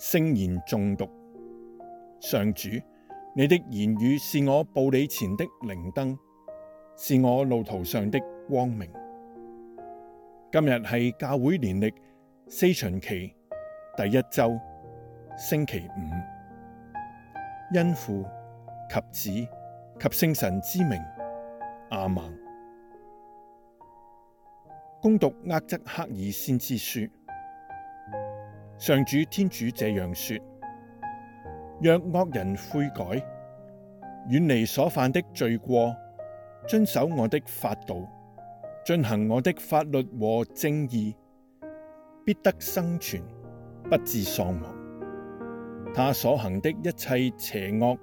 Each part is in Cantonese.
聖言誦讀，上主，你的言語是我步履前的靈燈，是我路途上的光明。今日係教會年曆四旬期第一週星期五，因父及子及聖神之名，阿門。恭讀厄則克耳先知書。上主天主這樣說：若惡人悔改，遠離所犯的罪過，遵守我的法度，遵行我的法律和正義，必得生存，不致喪亡。他所行的一切邪惡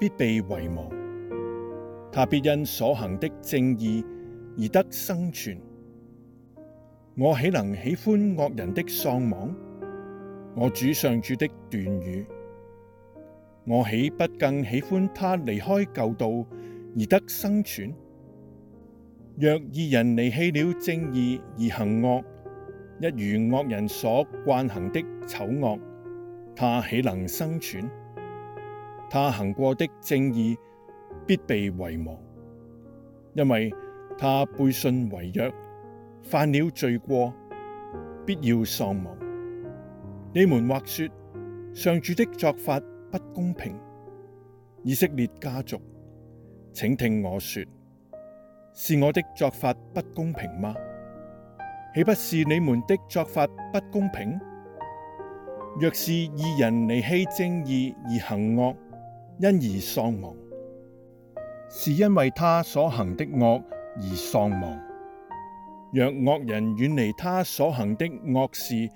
必被遺忘。他必因所行的正義而得生存。我豈能喜歡惡人的喪亡？我主上主的斷語，我豈不更喜歡他離開舊道而得生存？若義人離棄了正義而行惡，一如惡人所慣行的醜惡，他豈能生存？他行過的正義必被遺忘，因為他背信違約，犯了罪過，必要喪亡。你們或說上主的作法不公平。以色列家族，請聽我說，是我的作法不公平嗎？豈不是你們的作法不公平？若是義人離棄正義而行惡，因而喪亡，是因為他所行的惡而喪亡；若惡人遠離他所行的惡事，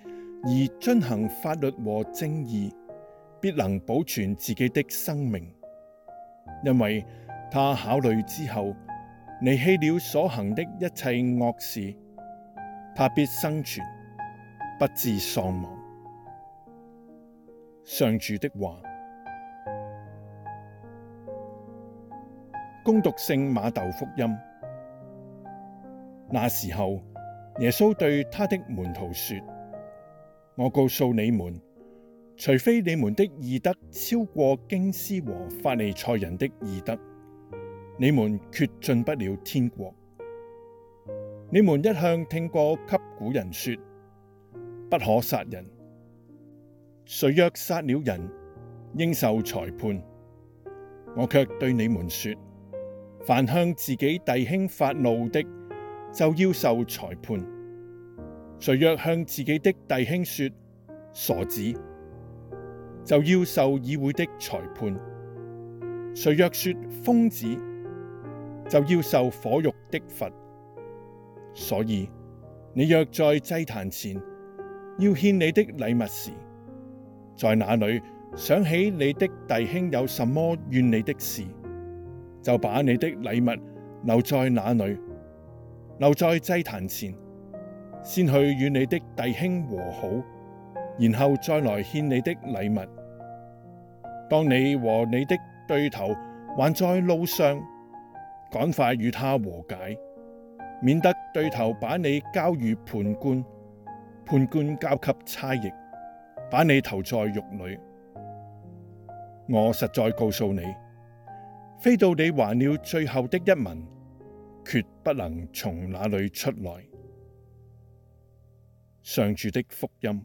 而遵行法律和正義，必能保存自己的生命，因為他考慮之後，離棄了所行的一切惡事，他必生存，不致喪亡。上主的話，恭讀聖瑪竇福音。那時候，耶穌對他的門徒說。我告訴你們，除非你們的義德超過經師和法利賽人的義德，你們決進不了天國。你們一向聽過給古人說，不可殺人，誰若殺了人，應受裁判。我卻對你們說，凡向自己弟兄發怒的，就要受裁判。誰若向自己的弟兄說傻子，就要受議會的裁判；誰若說瘋子，就要受火獄的罰。所以，你若在祭壇前要獻你的禮物時，在那裡想起你的弟兄有什麼怨你的事，就把你的禮物留在那裡，留在祭壇前。先去與你的弟兄和好，然後再來獻你的禮物。當你和你的對頭還在路上，趕快與他和解，免得對頭把你交與判官，判官交給差役，把你投在獄裡。我實在告訴你，非到你還了最後的一文，決不能從那裡出來。上主的福音。